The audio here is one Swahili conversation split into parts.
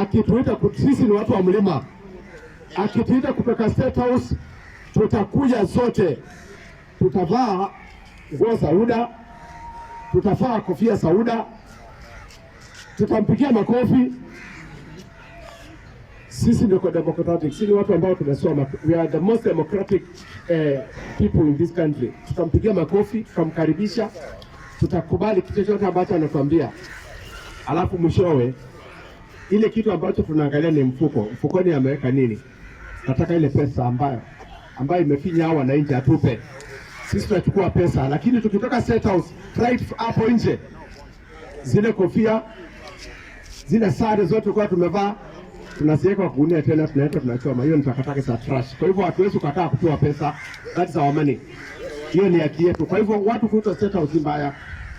akituita sisi ni watu wa mlima, akituita kutoka State House tutakuja sote, tutavaa nguo za UDA, tutavaa kofia za UDA, tutampigia makofi. Sisi ndio democratic, sisi ni watu ambao tumesoma, we are the most democratic eh, people in this country. Tutampigia makofi, tutamkaribisha, tutakubali kitu chochote ambacho anatuambia, alafu mwishowe ile kitu ambacho tunaangalia ni mfuko. Mfukoni ameweka nini? Nataka ile pesa ambayo ambayo imefinya na nje atupe sisi, tunachukua pesa, lakini tukitoka State House right hapo nje, zile kofia zile sare zote kwa tumevaa tunaziweka kwa gunia tena, tunaenda tunachoma. Hiyo ni takataka za trash. Kwa hivyo hatuwezi kukataa kutoa pesa, that is our money, hiyo ni haki yetu. Kwa hivyo watu kuitwa State House mbaya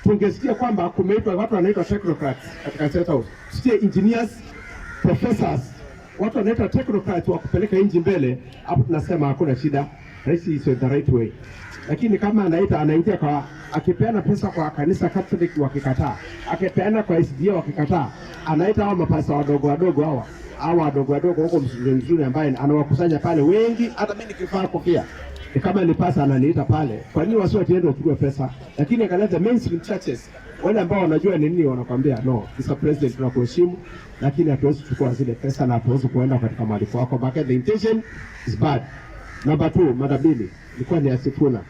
tungesikia kwamba kumeitwa watu wanaitwa technocrats katika State House, sie engineers, professors, watu wanaitwa technocrats wa kupeleka nchi mbele. Hapo tunasema hakuna shida, this is the right way. Lakini kama anaita anaingia kwa akipeana pesa kwa kanisa Catholic wakikataa, akipeana kwa SDA wakikataa, anaita hao mapasa wadogo wadogo hawa hawa wadogo wadogo huko mzuri mzuri, ambaye anawakusanya pale wengi, hata mimi nikifaa kofia ni kama ni pasa ananiita pale, kwa nini wasi watiende uchukue pesa? Lakini akaleta mainstream churches, wale ambao wanajua ni nini, wanakwambia no, Mr President, tunakuheshimu lakini hatuwezi kuchukua zile pesa na hatuwezi kuenda katika malipo yako, the intention is bad. Number 2, mara mbili ilikuwa ni asifuna